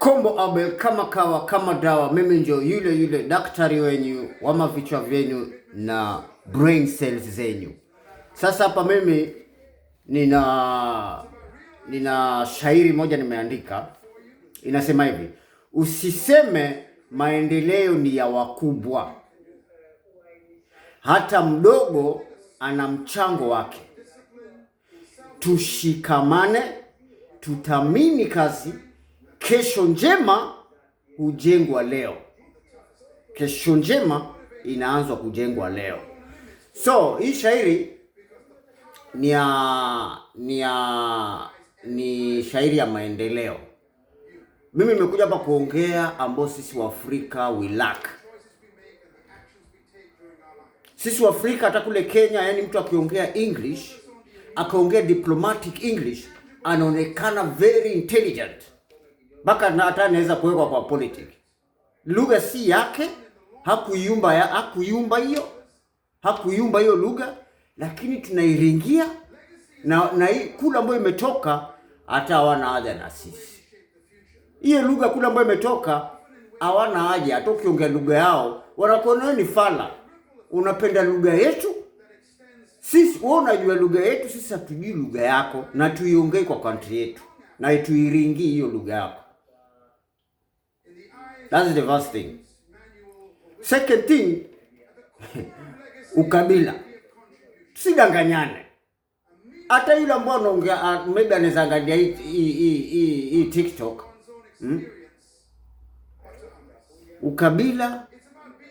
Kombo Abel kama kawa kama dawa, mimi ndio yule yule daktari wenyu wa mavichwa vyenu na brain cells zenyu. Sasa hapa mimi nina nina shairi moja nimeandika, inasema hivi: usiseme maendeleo ni ya wakubwa, hata mdogo ana mchango wake. Tushikamane, tutamini kazi Kesho njema hujengwa leo. Kesho njema inaanzwa kujengwa leo. So hii shairi ni ya ni ya ni shairi ya maendeleo. Mimi nimekuja hapa kuongea ambao sisi Waafrika we lack. Sisi Waafrika hata kule Kenya, yani mtu akiongea English akaongea diplomatic English anaonekana very intelligent mpaka na hata anaweza kuwekwa kwa politiki. Lugha si yake, hakuyumba ya, hakuyumba hiyo hakuyumba hiyo lugha, lakini tunairingia na na kula ambayo imetoka hata hawana haja na sisi. Hiyo lugha kula ambayo imetoka hawana haja, hata ukiongea lugha yao wanakuona ni fala. Unapenda lugha yetu sisi, wewe unajua lugha yetu sisi, hatujui lugha yako, na tuiongee kwa country yetu na tuiringie hiyo lugha yako. That's the first thing. Second thing, ukabila. Tusidanganyane. Hata yule ambao anaongea ah, maybe anaweza angalia hii hii TikTok. Hmm? Ukabila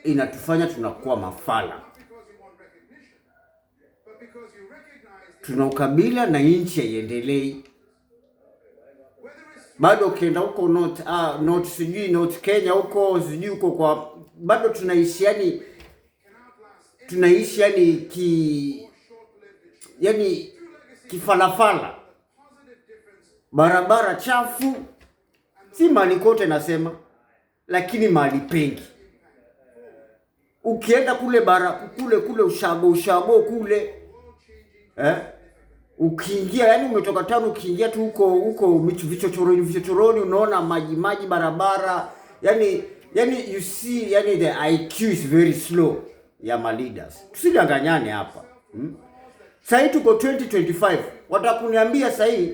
inatufanya tunakuwa mafala. Tuna ukabila na nchi haiendelei bado ukienda huko North uh, ah, not sijui not Kenya huko sijui huko kwa bado tunaishi yani tunaishi yani ki yani kifalafala, barabara chafu, si mali kote nasema, lakini mali pengi. Ukienda kule bara kule kule ushago ushago kule eh? ukiingia yani umetoka town ukiingia tu huko huko vichochoroni vichochoroni, unaona maji maji barabara, yani yani you see, yani the IQ is very slow ya ma leaders. Tusidanganyane hapa hmm? Sasa hii tuko 2025 watakuniambia sasa hii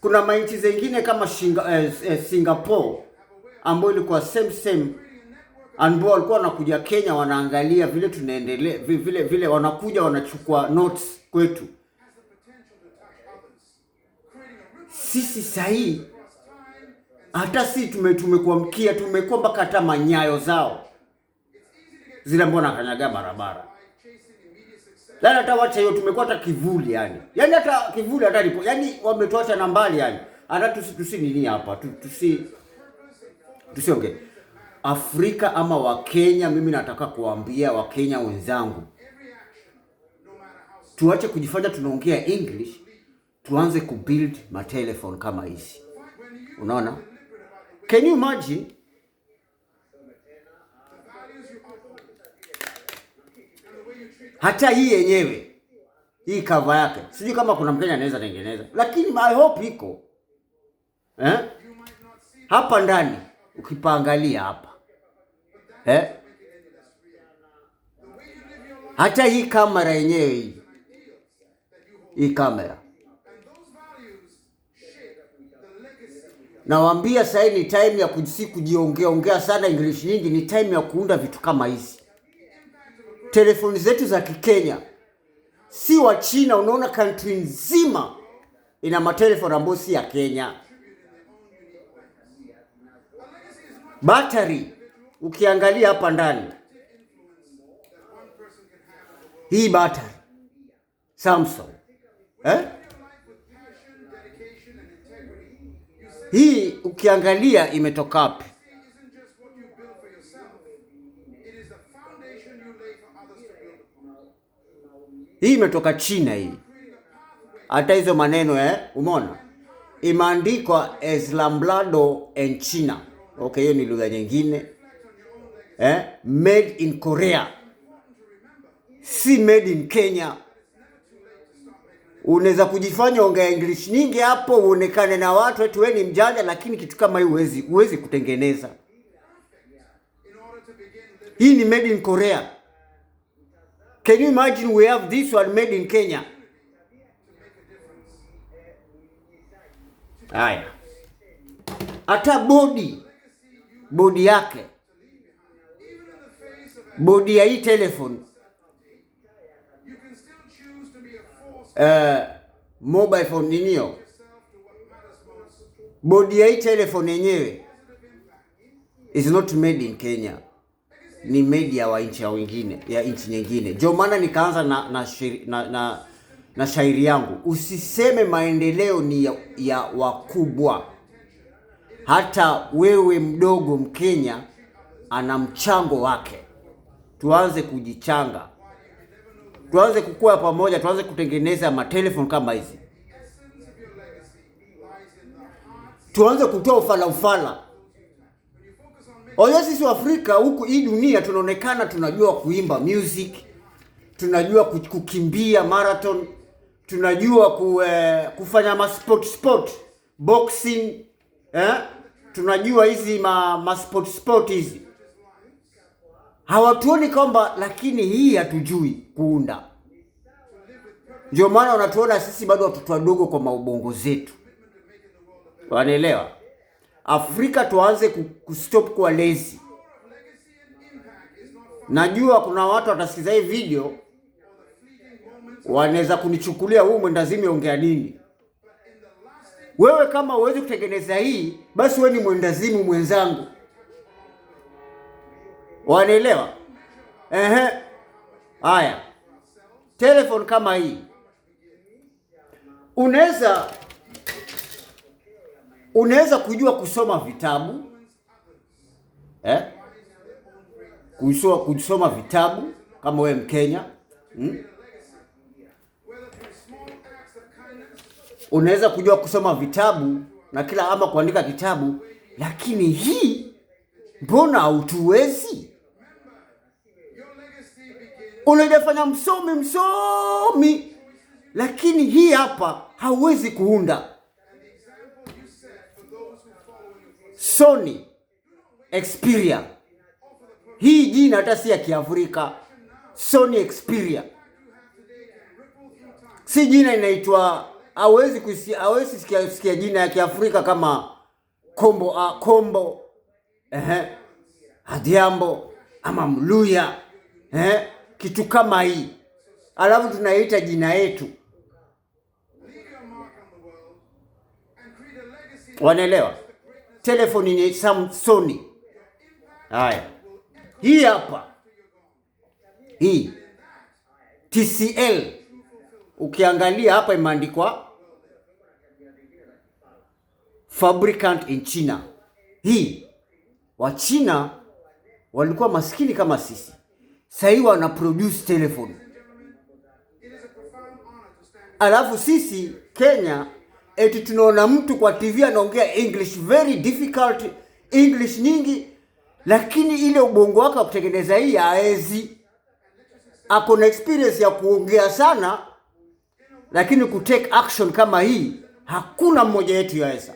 kuna mainchi zingine kama Shinga, eh, eh, Singapore ambayo ilikuwa same same, ambao walikuwa wanakuja Kenya wanaangalia vile tunaendelea vile vile, wanakuja wanachukua notes kwetu sisi sahii, hata si tume tumekuwa mkia, tumekuwa mpaka hata manyayo zao zile ambao nakanyaga barabara lani, hata wacha hiyo, tumekuwa hata kivuli yani, yani hata kivuli hata lipo yani, wametuacha na mbali yani, hata tusi tusi nini hapa tusi tusiongee Afrika ama Wakenya, mimi nataka kuambia Wakenya wenzangu tuache kujifanya tunaongea English, tuanze kubuild matelefoni kama hizi. Unaona, can you imagine? Hata hii yenyewe hii cover yake sijui kama kuna Mkenya anaweza tengeneza, lakini I hope iko eh? hapa ndani ukipaangalia hapa eh? hata hii kamera yenyewe hii hii kamera. Nawambia sasa ni time ya kusi kujiongea ongea sana English nyingi, ni time ya kuunda vitu kama hizi. Telefoni zetu za Kikenya si wa China, unaona country nzima ina matelefoni ambayo si ya Kenya. Battery ukiangalia hapa ndani, hii battery Samsung eh? Hii ukiangalia imetoka wapi? Hii imetoka China hii. Hata hizo maneno eh, umeona imeandikwa Islamblado en China. Okay, hiyo ni lugha nyingine eh, made in Korea, si made in Kenya unaweza kujifanya ongea English nyingi hapo uonekane na watu eti wewe ni mjanja, lakini kitu kama hii huwezi huwezi kutengeneza. Hii ni made in Korea. Can you imagine we have this one made in Kenya? Haya, hata bodi bodi yake bodi ya hii telefoni uh, mobile phone ninio bodi ya hii phone yenyewe is not made in Kenya, ni made ya nchi wengine ya nchi nyingine. Ndio maana nikaanza na na, na na na shairi yangu, usiseme maendeleo ni ya, ya wakubwa. Hata wewe mdogo Mkenya ana mchango wake, tuanze kujichanga tuanze kukua pamoja, tuanze kutengeneza matelefoni kama hizi, tuanze kutoa ufala ufala. Oyo sisi Waafrika huku hii dunia tunaonekana tunajua kuimba music, tunajua kukimbia marathon, tunajua ku, eh, kufanya sport sport boxing eh? tunajua hizi ma, ma sport sport hizi hawatuoni kwamba, lakini hii hatujui kuunda. Ndio maana wanatuona sisi bado watoto wadogo kwa maubongo zetu, wanaelewa. Afrika tuanze kustop kuwa lezi Najua kuna watu watasikiza hii video wanaweza kunichukulia huu mwendazimu ongea nini. Wewe kama uwezi kutengeneza hii, basi wewe ni mwendazimu mwenzangu. Wanaelewa? Ehe. Haya, telefoni kama hii unaweza unaweza kujua kusoma vitabu eh? Kusoma, kusoma vitabu kama wewe Mkenya hmm? Unaweza kujua kusoma vitabu na kila ama kuandika kitabu, lakini hii mbona hutuwezi? unajifanya msomi msomi, lakini hii hapa hauwezi kuunda. Sony Xperia, hii jina hata si ya Kiafrika. Sony Xperia si jina inaitwa, hawezi kusikia, hawezi sikia jina ya Kiafrika kama kombo, uh, kombo, ehe, Adhiambo ama Mluya, ehe kitu kama hii, alafu tunaita jina yetu. Wanaelewa? Telefoni ni Samsoni. Haya, hii hapa hii TCL, ukiangalia hapa imeandikwa fabricant in China. Hii Wachina walikuwa maskini kama sisi sahii wana produce telephone, alafu sisi Kenya eti tunaona mtu kwa TV anaongea English very difficult English nyingi, lakini ile ubongo wake wa kutengeneza hii haezi. Ako na experience ya kuongea sana, lakini take action kama hii hakuna mmoja yetu yaweza.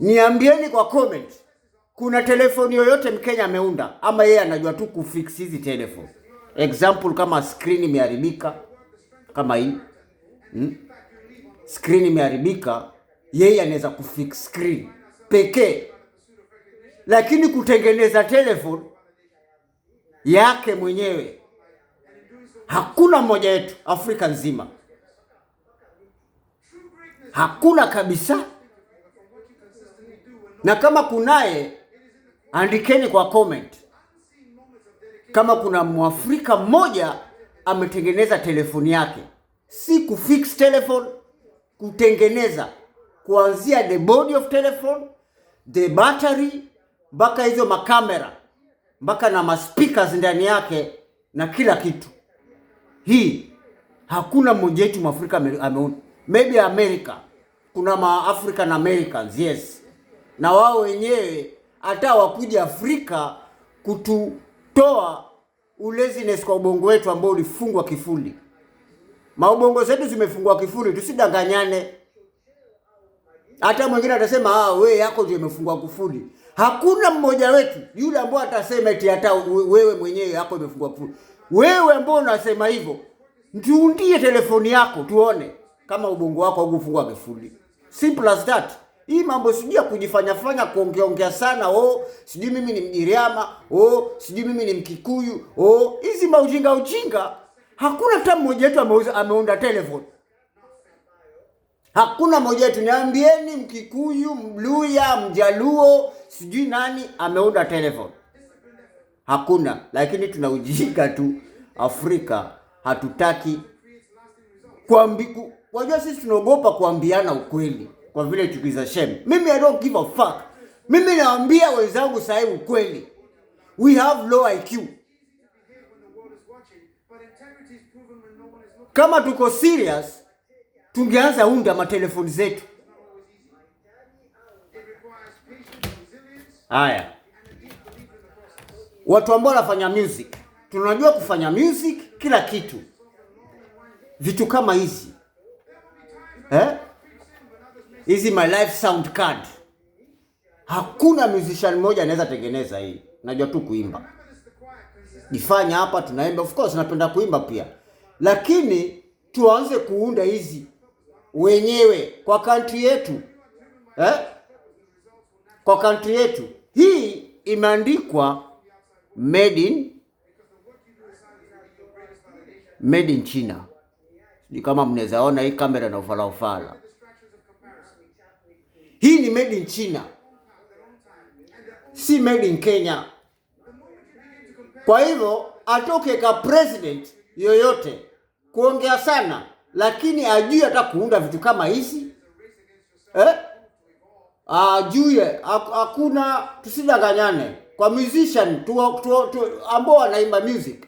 Niambieni kwa comment kuna telefoni yoyote Mkenya ameunda ama yeye anajua tu kufix hizi telefoni? Example, kama screen imeharibika kama hii hmm? Screen imeharibika, yeye anaweza kufix screen pekee, lakini kutengeneza telefoni yake mwenyewe hakuna mmoja wetu Afrika nzima, hakuna kabisa. Na kama kunaye Andikeni kwa comment kama kuna mwafrika mmoja ametengeneza telefoni yake, si kufix telephone, kutengeneza kuanzia the body of telephone, the battery mpaka hizo makamera mpaka na maspikers ndani yake na kila kitu. Hii hakuna mmoja wetu mwafrika ameona, maybe America kuna maafrican americans yes, na wao wenyewe hata wakuja Afrika kututoa uleziness kwa ubongo wetu ambao ulifungwa kifuli. Maubongo zetu zimefungwa kifuli, tusidanganyane. Hata mwingine atasema ah, wewe yako ndio imefungwa kifuli. Hakuna mmoja wetu yule ambao atasema eti hata wewe mwenyewe yako imefungwa kifuli. Wewe ambao unasema hivyo, tuundie telefoni yako tuone kama ubongo wako haukufungwa kifuli. Simple as that. Hii mambo sijui ya kujifanya fanya kuongea ongea sana oh, sijui mimi ni Mjiriama oh, sijui mimi ni Mkikuyu oh, hizi maujinga ujinga. Hakuna hata mmoja wetu ameuza ameunda telefoni, hakuna mmoja wetu. Niambieni Mkikuyu, Mluya, Mjaluo, sijui nani ameunda telefoni? Hakuna, lakini tuna ujinga tu. Afrika hatutaki kuambiku. wajua sisi tunaogopa kuambiana ukweli kwa vile chuki za shame. Mimi I don't give a fuck. Mimi naambia wenzangu sasa ukweli. We have low IQ. Kama tuko serious tungeanza unda matelefoni zetu. Haya, watu ambao wanafanya music, tunajua kufanya music kila kitu, vitu kama hizi eh? hizi my life sound card. Hakuna musician mmoja anaweza tengeneza hii, najua tu kuimba, jifanya hapa tunaimba, of course napenda kuimba pia, lakini tuanze kuunda hizi wenyewe kwa country yetu eh? Kwa country yetu hii imeandikwa made in made in China. Ni kama mnaweza ona hii kamera na ufala ufala hii ni made in China, si made in Kenya. Kwa hivyo atoke ka president yoyote kuongea sana, lakini ajui hata kuunda vitu kama hizi eh? Ajue hakuna, tusidanganyane. Kwa musician tu, tu, tu, ambao wanaimba music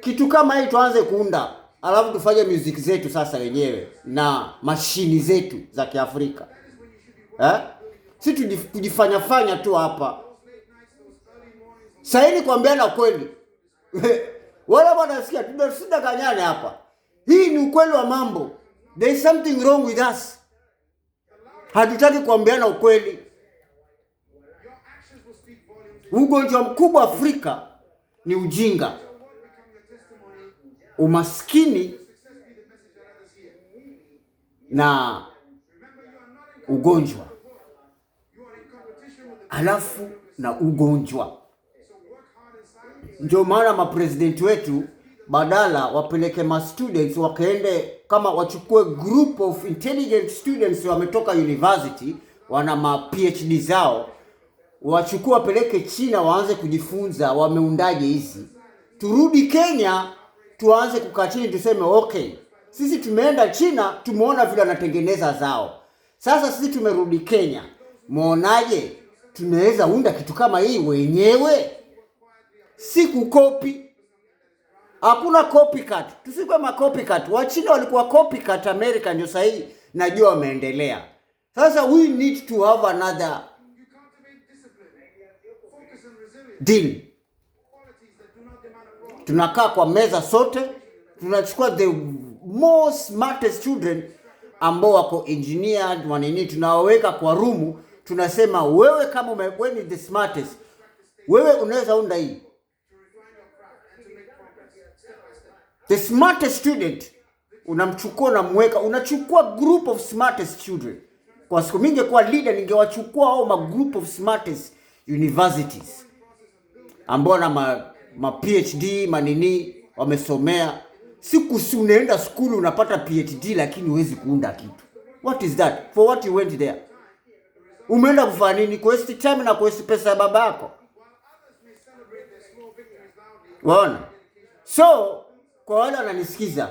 kitu kama hii tuanze kuunda, alafu tufanye music zetu sasa wenyewe na mashini zetu za Kiafrika eh? Si tujifanya fanya tu hapa saini na kweli wala wanasikia kanyane hapa. Hii ni ukweli wa mambo, there is something wrong with us. Hatutaki kuambiana ukweli. Ugonjwa mkubwa Afrika ni ujinga, umaskini na ugonjwa, alafu na ugonjwa. Ndio maana mapresidenti wetu badala wapeleke ma students wakaende, kama wachukue group of intelligent students wametoka university wana ma PhD zao, wachukue wapeleke China waanze kujifunza wameundaje hizi. Turudi Kenya tuanze kukaa chini tuseme, okay, sisi tumeenda China tumeona vile wanatengeneza zao sasa sisi tumerudi Kenya, mwonaje? Tunaweza unda kitu kama hii wenyewe, si kukopi. Hakuna copycat, tusikwe copycat. Wachina walikuwa copycat America, ndio sahii najua wameendelea. Sasa we need to have another deal. Tunakaa kwa meza sote, tunachukua the most smartest children ambao wako engineered wanini, tunawaweka kwa rumu, tunasema wewe kama ume, wewe ni the smartest, wewe unaweza unda hii the smartest student unamchukua unamweka, unachukua group of smartest children. Kwa siku ningekuwa leader, ningewachukua hao ma group of smartest universities ambao na ma, ma PhD manini wamesomea siku si unaenda skulu unapata PhD lakini huwezi kuunda kitu. What is that? For what you went there? Umeenda kufanya nini? Kuwaste time na kuwaste pesa ya baba yako. Waona? So kwa wale wananisikiza,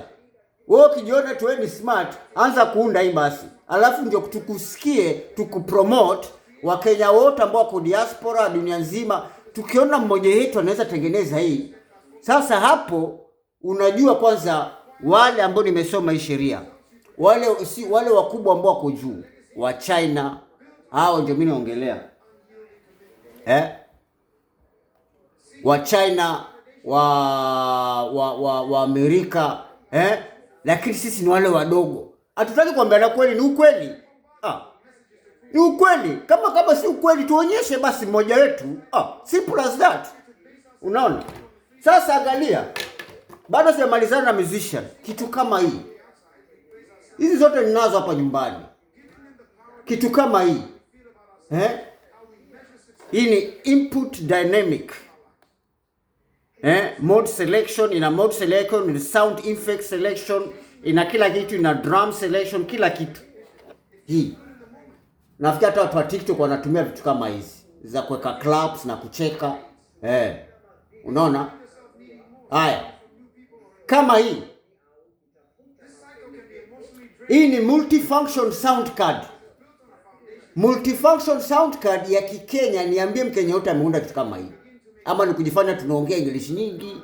wewe ukijiona tu ni smart, anza kuunda hii basi, alafu ndio tukusikie tukupromote Wakenya wote ambao wako diaspora dunia nzima, tukiona mmoja wetu anaweza tengeneza hii, sasa hapo unajua kwanza, wale ambao nimesoma hii sheria, wale si, wale wakubwa ambao wako juu wa China, hao ndio mimi naongelea eh? wa China wa wa wa, wa Amerika eh? Lakini sisi ni wale wadogo, hatutaki na kweli. Ni ukweli ah. Ni ukweli. Kama kama si ukweli tuonyeshe basi mmoja wetu ah. Simple as that. Unaona sasa, angalia bado sijamalizana na musician, kitu kama hii. Hizi zote ninazo hapa nyumbani, kitu kama hii eh? Hii ni input dynamic eh? Mode selection, ina mode selection, ina sound effect selection, ina kila kitu, ina drum selection, kila kitu hii. Nafikia hata watu wa TikTok wanatumia vitu kama hizi za kuweka claps na kucheka eh. Unaona haya kama hii. Hii ni multifunction sound card. Multifunction sound card ya Kikenya, niambie Mkenya yote ameunda kitu kama hii, ama ni kujifanya tunaongea English nyingi,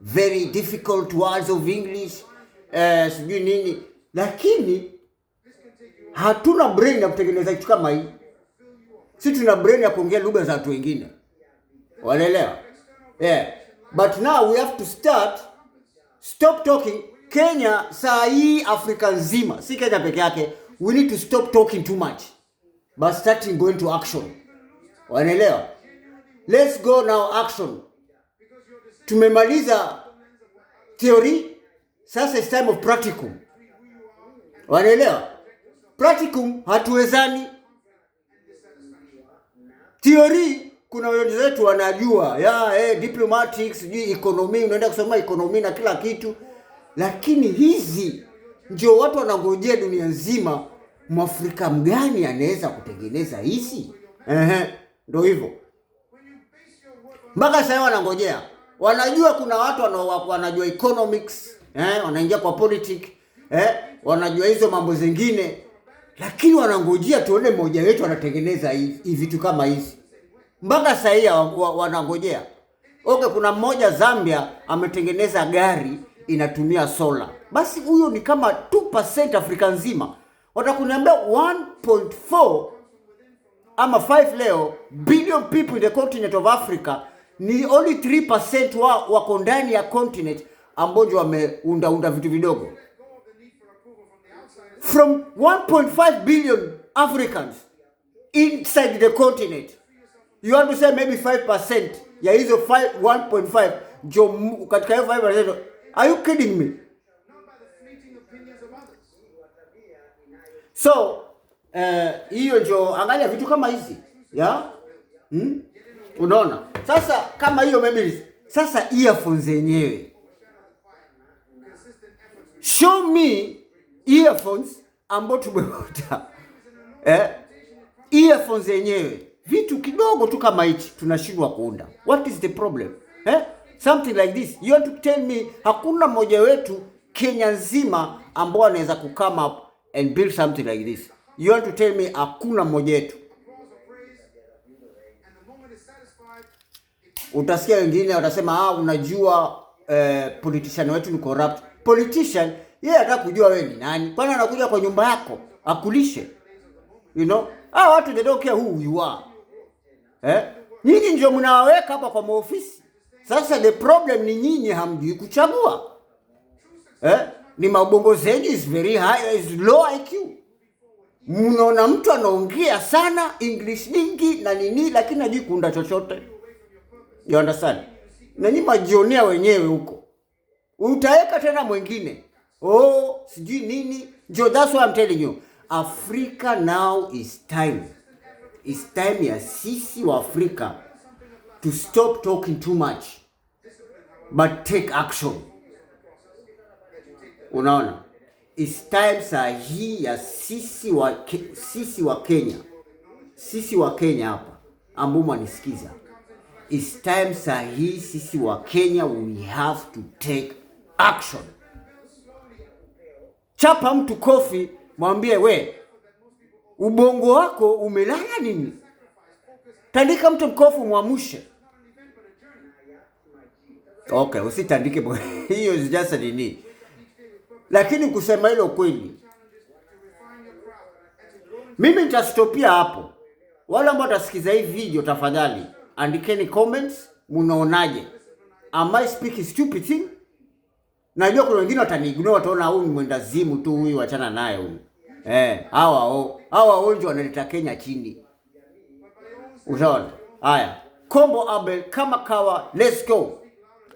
very difficult words of English eh, sijui nini, lakini hatuna brain ya kutengeneza kitu kama hii. Si tuna brain ya kuongea lugha za watu wengine, wanaelewa? Yeah. But now we have to start Stop talking. Kenya saa hii Afrika nzima, si Kenya peke yake, we need to stop talking too much but starting going to action. Wanaelewa? Let's go now action. Tumemaliza theory, sasa it's time of practicum. Wanaelewa? Practicum hatuwezani theory kuna wenzetu wanajua ya eh, diplomatics sijui economy, unaenda kusoma economy na kila kitu, lakini hizi ndio watu wanangojea dunia nzima. Mwafrika mgani anaweza kutengeneza hizi? Ehe, ndio hivyo, mpaka sasa wanangojea. Wanajua kuna watu wanajua economics eh, wanaingia kwa politics eh, wanajua hizo mambo zingine, lakini wanangojea tuone mmoja wetu anatengeneza hivi vitu kama hizi mpaka saa hii wanangojea. Okay, kuna mmoja Zambia ametengeneza gari inatumia sola, basi huyo ni kama 2% Afrika nzima. Watakuniambia 1.4 ama 5 leo billion people in the continent of Africa ni only 3% wa wako ndani ya continent wameunda wameundaunda vitu vidogo from 1.5 billion Africans inside the continent you want to say maybe 5% ya hizo 1.5 ndio katika hiyo 5%. Are you kidding me? So eh, hiyo uh, ndio angalia vitu kama hizi ya yeah? Hmm? Unaona sasa, kama hiyo memories sasa, earphones zenyewe, show me earphones ambao tumeota eh, earphones zenyewe vitu kidogo tu kama hichi tunashindwa kuunda. What is the problem eh? Something like this you want to tell me, hakuna mmoja wetu Kenya nzima ambao anaweza ku come up and build something like this. You want to tell me, hakuna mmoja wetu. Utasikia wengine watasema ah, unajua eh, politician wetu ni corrupt. Politician yeye yeah, anataka kujua wewe ni nani, kwani anakuja kwa nyumba yako akulishe, you know ah, watu they don't care who you are eh? Nyinyi ndio mnawaweka hapa kwa maofisi. Sasa the problem ni nyinyi hamjui kuchagua eh? Ni zenu is very high, is low IQ. Mnaona mtu anaongea sana English nyingi na nini, lakini hajui kuunda chochote. You understand? Na nyinyi majionea wenyewe huko, utaweka tena mwingine oh, sijui nini. Jo, that's why I'm telling you Africa now is time It's time ya sisi wa Afrika to stop talking too much but take action. Unaona, it's time saa hii ya sisi wa ke, sisi wa Kenya, sisi wa Kenya hapa ambao mwanisikiza, it's time saa hii sisi wa Kenya we have to take action. Chapa mtu kofi, mwambie we ubongo wako umelala nini? Tandika mtu mkofu mwamushe. Okay, usitandike hiyo sijasa nini, lakini kusema hilo kweli, mimi nitastopia hapo. Wale ambao watasikiza hii video, tafadhali andikeni comments, munaonaje? Am I speaking stupid thing? Najua kuna wengine wataniignore, wataona huyu mwendazimu tu huyu, wachana naye huyu eh, oh hawa wonjo wanaleta Kenya chini. usaona haya, Kombo Abel kama kawa, let's go.